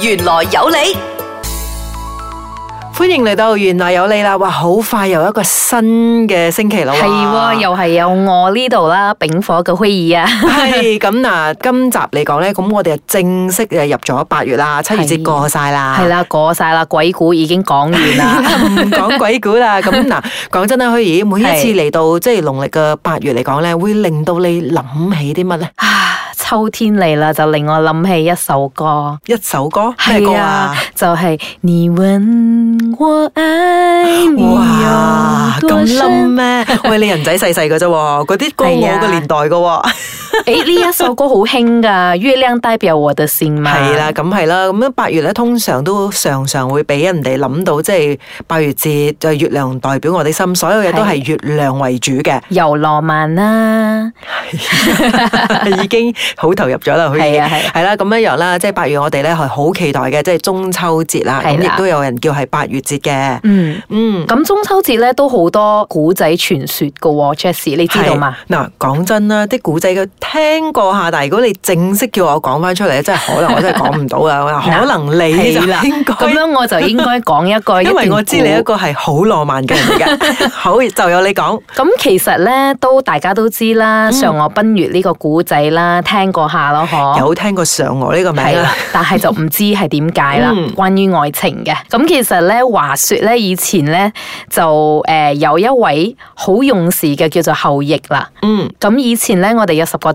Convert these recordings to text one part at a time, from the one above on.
玄來有理。歡迎嚟到玄來有理喇！哇，好快又一個新嘅星期六，係喎，又係有我呢度喇，丙火嘅虛兒啊。係，噉嗱，今集嚟講呢，噉我哋正式入咗八月喇，七月節過晒喇，係喇，過晒喇，鬼故已經講完喇，唔講鬼故喇，噉嗱，講真啦，虛兒，每一次嚟到，即係農曆嘅八月嚟講呢，會令到你諗起啲乜呢？秋天嚟啦，就令我諗起一首歌，一首歌係咩歌啊？啊就係你問，我愛。哇，咁諗咩？喂，你人仔細細嘅啫，嗰啲 歌我嘅年代嘅。 誒，呢、欸、一首歌好興噶，月亮代表我的心嘛。係啦，咁係啦，咁樣八月咧，通常都常常會俾人哋諗到，即係八月節就月亮代表我的心，所有嘢都係月亮為主嘅，又浪漫啦、啊， 已經好投入咗啦。係啊，係係啦，咁一樣啦。即係八月，我哋咧係好期待嘅，即係的、嗯嗯、中秋節啦。咁亦都有人叫係八月節嘅。嗯嗯，咁中秋節咧都好多古仔傳說噶 Jess 你知道嘛？嗱，講真啦，啲古仔嘅。聽過下，但係如果你正式叫我講翻出嚟，真係可能我真係講唔到噶， 可能你 的就咁 樣我就應該講一個一，因為我知你一個係好浪漫嘅人嘅， 好就有你講。咁、嗯、其實咧都大家都知啦，嫦娥奔月呢個古仔啦，聽過下咯嗬。有聽過嫦娥呢個名，但係就唔知係點解啦。嗯、關於愛情嘅，咁其實咧，話說咧，以前咧就誒有一位好勇士嘅叫做后羿啦。嗯。咁以前咧，我哋有十個。太陽嘅，咁呢、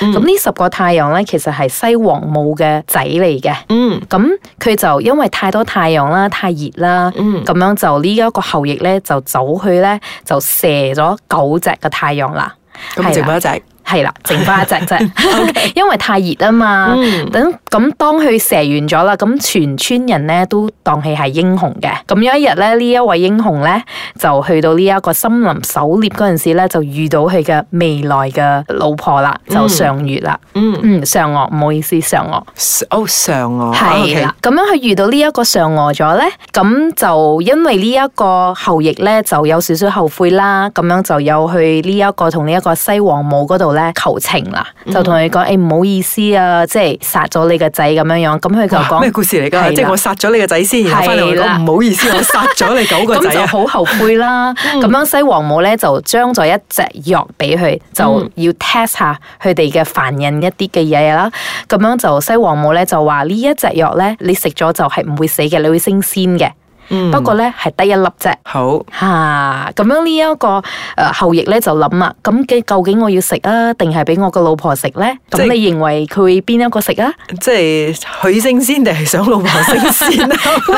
嗯、十個太陽咧，其實係西王母嘅仔嚟嘅。嗯，咁佢就因為太多太陽啦，太熱啦，咁、嗯、樣就呢一個後羿咧，就走去咧，就射咗九隻嘅太陽啦。咁剩翻一隻。係啦，剩翻一隻啫， 因為太熱啊嘛。嗯、等咁當佢射完咗啦，咁全村人咧都當佢係英雄嘅。咁有一日咧，呢一位英雄咧就去到呢一個森林狩獵嗰陣時咧，就遇到佢嘅未來嘅老婆啦，就上月啦、嗯。嗯嗯，嫦娥，唔好意思，嫦娥。哦，嫦娥。係啦是，咁、啊 okay. 樣佢遇到呢一個嫦娥咗咧，咁就因為呢一個後羿咧就有少少後悔啦。咁樣就有去呢一個同呢一個西王母嗰度。求情啦，嗯、就同佢講，誒、欸，唔好意思啊，即係殺咗你個仔咁樣樣。咁佢就講咩故事嚟㗎？了即係我殺咗你個仔先，翻嚟講唔好意思， 我殺咗你九個仔，啊嗯。就好後悔啦。咁樣西王母咧就將咗一隻藥俾佢，就要 test 下佢哋嘅凡人一啲嘅嘢啦。咁、嗯、樣西就西王母咧就話呢一隻藥咧，你食咗就係唔會死嘅，你會升仙嘅。嗯、不過咧係得一粒啫，好吓，咁樣呢一個誒好、啊呃、后羿咧就諗啦，咁究竟我要食啊，定係俾我個老婆食咧？咁即你認為佢邊一個食啊？即係佢升仙定係想老婆升仙？呢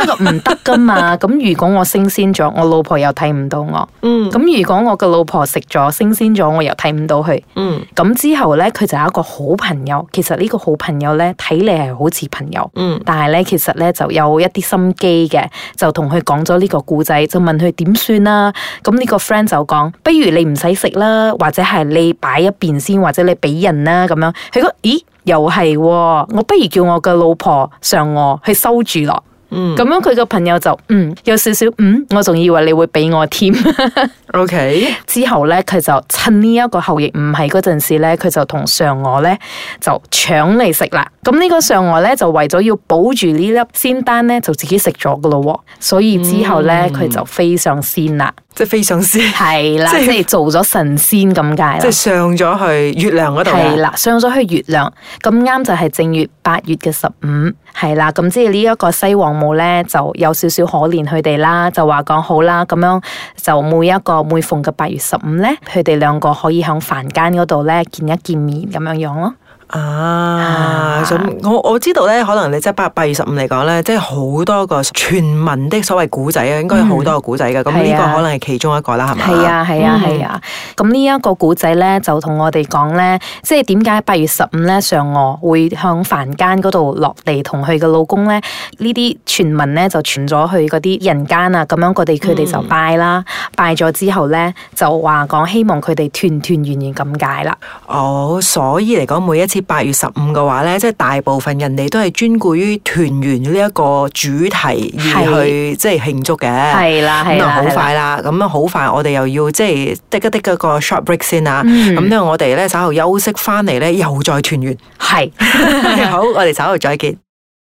個唔得噶嘛？咁如果我升仙咗，我老婆又睇唔到我。咁、嗯、如果我個老婆食咗升仙咗，我又睇唔到佢。咁、嗯嗯、之後咧，佢就有一個好朋友。其實呢個好朋友咧，睇嚟係好似朋友。但係咧，其實咧就有一啲心機嘅，就。同佢講咗呢個故仔，就問佢點算啦？咁、這、呢個 friend 就講：不如你唔使食啦，或者係你擺一邊先，或者你俾人啦咁樣。佢講：咦，又係、哦，我不如叫我嘅老婆嫦娥去收住咯。嗯，咁樣佢個朋友就嗯有少少嗯，我仲以為你會畀我添。 o Okay . K，之後咧佢就趁呢一個後羿唔喺嗰陣時咧，佢就同嫦娥咧就搶嚟食啦。咁呢個嫦娥咧就為咗要保住呢粒仙丹咧，就自己食咗噶咯喎。所以之後咧佢、嗯、就飛上仙啦，即係飛上仙係啦，了即係是做咗神仙咁解啦，即係上咗去月亮嗰度啊。係啦，上咗去月亮，咁啱就係正月八月嘅十五。係啦，咁即係呢一個西王母咧，就有少少可憐佢哋啦，就話講好啦，咁樣就每一個每逢嘅八月十五咧，佢哋兩個可以響凡間嗰度咧見一見面咁樣樣咯。啊，咁、啊、我我知道咧，可能你即係八八月十五嚟講咧，即係好多個傳聞的所謂古仔啊，嗯、應該有好多個古仔嘅。咁呢、嗯、個可能係其中一個啦，係咪、嗯？係吧啊，係啊，係啊。咁呢一個古仔咧，就同我哋講咧，即係點解八月十五咧，嫦娥會向凡間嗰度落地，同佢嘅老公咧，呢啲傳聞咧就傳咗去嗰啲人間啊。咁樣佢哋佢哋就拜啦，嗯、拜咗之後咧就話講希望佢哋團團圓圓咁解啦。哦，所以嚟講每一次。八月十五嘅話咧，即係大部分人哋都係專顧於團圓呢一個主題而去慶，即係慶祝嘅。係啦，係啦，好快啦，咁啊好快，我哋又要即係滴一滴一個 short break 先啦。咁因為我哋咧稍後休息翻嚟咧，又再團圓。係是 好，我哋稍後再見。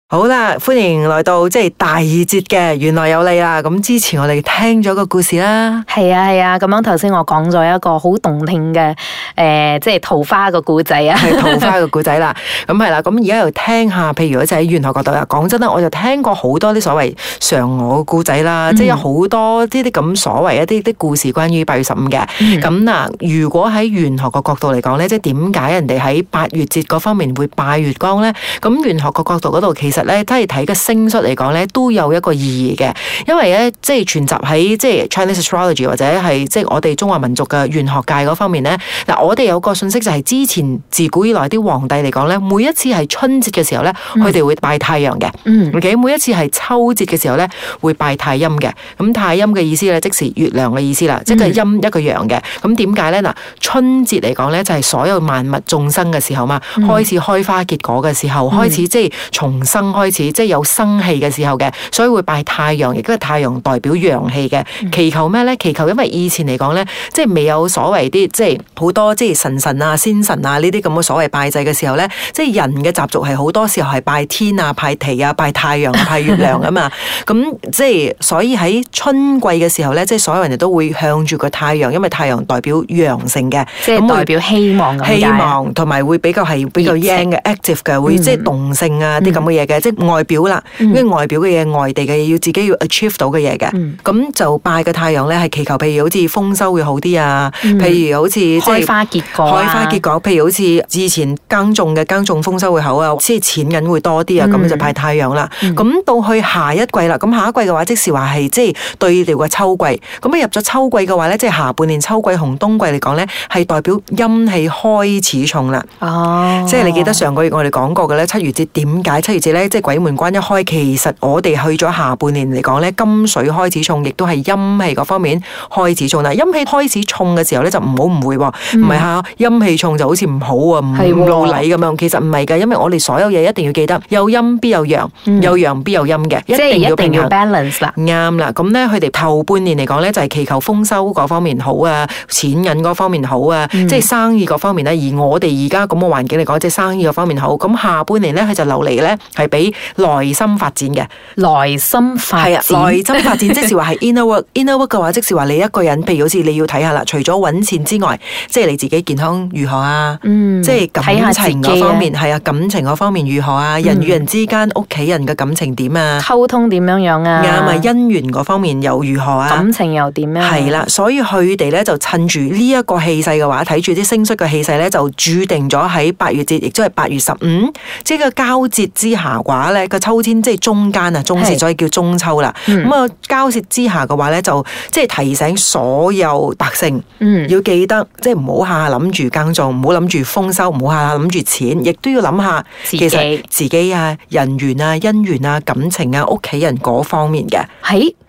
好啦，歡迎來到即係第二節嘅玄來有理啦。咁之前我哋聽咗個故事啦，係啊係啊。咁、啊、樣頭先我講咗一個好動聽嘅誒、呃，即係桃花個故仔啊，桃花嘅故仔啦。咁係啦，咁而家又聽下。譬如，就喺玄學角度啊，講真啦，我就聽過好多啲所謂嫦娥嘅故仔啦，即係有好多呢啲咁所謂一啲啲故事，mm hmm. 故事關於八月十五嘅。咁嗱、mm hmm.，如果喺玄學嘅角度嚟講咧，即係點解人哋喺八月節嗰方面會拜月光咧？咁玄學嘅角度嗰度其實。其實咧，睇嚟睇嘅星數嚟講咧，都有一個意義嘅。因為咧，即係傳集喺即係 Chinese astrology 或者係即係我哋中華民族嘅玄學界嗰方面咧。嗱，我哋有個訊息就係之前自古以來啲皇帝嚟講咧，每一次係春節嘅時候咧，佢哋、嗯、會拜太陽嘅。嗯。咁每一次係秋節嘅時候咧，會拜太陰嘅。咁太陰嘅意思咧，即是月亮嘅意思啦，嗯、即係陰一個陽嘅。咁點解咧？嗱，春節嚟講咧，就係所有萬物眾生嘅時候嘛，嗯、開始開花結果嘅時候，開始即係重生。嗯開始即係有生氣嘅時候嘅，所以會拜太陽，亦都係太陽代表陽氣嘅。Mm. 祈求咩咧？祈求，因為以前嚟講咧，即係未有所謂啲即係好多即係神神啊、仙神啊呢啲咁嘅所謂拜祭嘅時候咧，即係人嘅習俗係好多時候係拜天啊、拜地啊、拜太陽，啊啊、拜月亮啊嘛。咁 即係所以喺春季嘅時候咧，即係所有人哋都會向住個太陽，因為太陽代表陽性嘅，即係代表希望希望同埋望會比較係比較 young 嘅 's active 嘅，會即係動性啊啲咁嘅嘢嘅。Mm. Mm. 即係外表啦，嗯、因為外表嘅嘢，外地嘅嘢，要自己要 achieve 到嘅嘢嘅。咁、嗯、就拜嘅太陽咧，係祈求譬如好似豐收會好啲啊，嗯、譬如好似開、啊、開花結果，開花結果。譬如好似之前耕種嘅耕種豐收會好啊，即係錢銀會多啲啊，咁、嗯、就拜太陽啦。咁、嗯、到去下一季啦，咁、嗯、下一季嘅話即是話係即係對調嘅秋季。咁啊入咗秋季嘅話咧，即係下半年秋季同冬季嚟講咧，係代表陰氣開始重啦。哦，即係你記得上個月我哋講過嘅咧，七月節點解七月節咧？即係鬼門關一開，其實我哋去咗下半年嚟講咧，金水開始衝，亦都係陰氣嗰方面開始衝啦。陰氣開始衝嘅時候咧，就唔好誤會，唔係吓陰氣重就好似唔好啊，唔落嚟，咁樣。其實唔係嘅，因為我哋所有嘢，一定要記得，有陰必有陽，有陽必有陰嘅，嗯、一定要平衡。啱啦，咁咧佢哋頭半年嚟講咧，就係、是、祈求豐收嗰方面好啊，錢銀嗰方面好啊，即係生意嗰方面咧。而我哋而家咁嘅環境嚟講，即係生意嗰方面好。咁、嗯、下半年咧，佢就流嚟咧係。俾內心發展嘅，內心發展係啊，內心發展，即是話係 inner work。inner work 嘅話，即是話你一個人，譬如好似你要睇下啦，除咗揾錢之外，即係你自己健康如何啊？嗯、即係感情嗰方面係啊，看看感情嗰方面如何啊？人與人之間、屋企、嗯、人嘅感情點啊？溝通點樣樣啊？啱啊，姻緣嗰方面又如何啊？感情又點啊？係啦，所以佢哋咧就趁住呢一個氣勢嘅話，睇住啲升息嘅氣勢咧，就注定咗喺八月節，亦都係八月十五，即係個交接之下。話咧個秋天即係中間啊，中是所以叫中秋啦。咁啊、嗯，交涉之下嘅話咧，就即係提醒所有百姓，嗯、要記得即係唔好下下諗住耕種，唔好諗住豐收，唔好下下諗住錢，亦都要諗下其實自己啊人緣啊姻緣啊感情啊屋企人嗰方面嘅。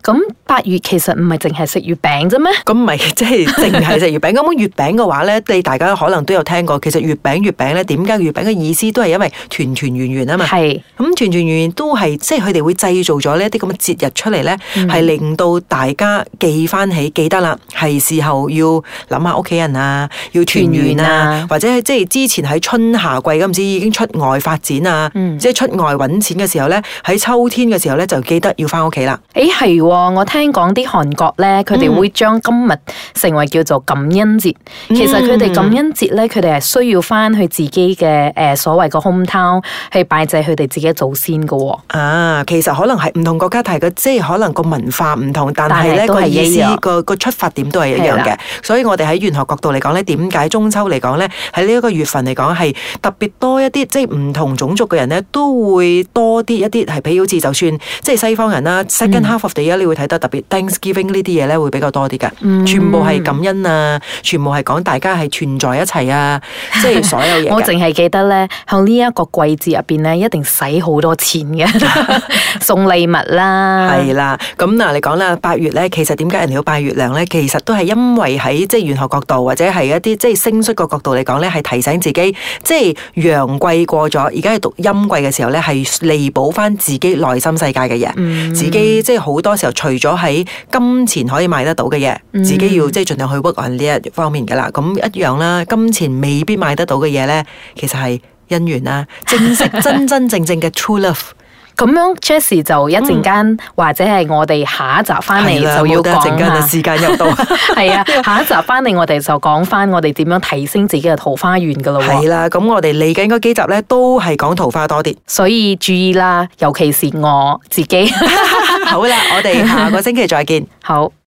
咁八月其實唔係淨係食月餅啫咩？咁唔係，即係淨係食月餅。咁月餅嘅話咧，你大家可能都有聽過。其實月餅月餅咧，點解月餅嘅意思都係因為團團圓圓啊嘛。係咁團團圓圓都係即係佢哋會製造咗呢一啲咁嘅節日出嚟，咧，係、嗯、令到大家記翻起記得啦，係時候要諗下屋企人啊，要團圓啊，啊或者即係之前喺春夏季咁唔知已經出外發展啊，嗯、即係出外搵錢嘅時候咧，喺秋天嘅時候咧就記得要翻屋企啦。誒、欸，係。我我聽講啲韓國咧，佢哋會將今日成為叫做感恩節。其實佢哋感恩節咧，佢哋係需要翻去自己嘅誒、呃、所謂個 home town 去拜祭佢哋自己嘅祖先噶、哦。啊，其實可能係唔同國家提嘅，即係可能個文化唔同，但係咧個意思、啊、個個出發點都係一樣嘅。的所以我哋喺玄學角度嚟講咧，點解中秋嚟講咧，喺呢一個月份嚟講係特別多一啲，即係唔同種族嘅人咧都會多啲一啲係譬如好似就算即係西方人啦，second half of the year 啊。會睇得特別 Thanksgiving 呢啲嘢咧，會比較多啲噶，mm hmm. 全部係感恩啊，全部係講大家係存在一齊啊，即、就、係、是、所有嘢。 我淨係記得咧，向呢一個季節入邊咧，一定使好多錢嘅， 送禮物啦。係啦， 咁、嗯、嗱，你講啦，八月咧，其實點解人哋要拜月亮咧？其實都係因為喺即係玄學角度，或者係一啲即係星宿個角度嚟講咧，係提醒自己，即係陽季過咗，而家係讀陰季嘅時候咧，係彌補翻自己內心世界嘅嘢，mm hmm. 自己即係好多時候。除咗喺金錢可以買得到嘅嘢，嗯、自己要即係盡量去 work on 呢一方面噶啦。咁一樣啦，金錢未必買得到嘅嘢咧，其實係姻緣啦、啊，正式真真正正嘅 true love。咁樣 Jessie 就一陣間，嗯、或者係我哋下一集翻嚟、啊、就要講啦。時間又到，係 啊，下一集翻嚟我哋就講翻我哋點樣提升自己嘅桃花緣噶咯。係啦、啊，咁我哋嚟緊嗰幾集咧都係講桃花多啲，所以注意啦，尤其是我自己。 好啦，我哋下個星期再見。好。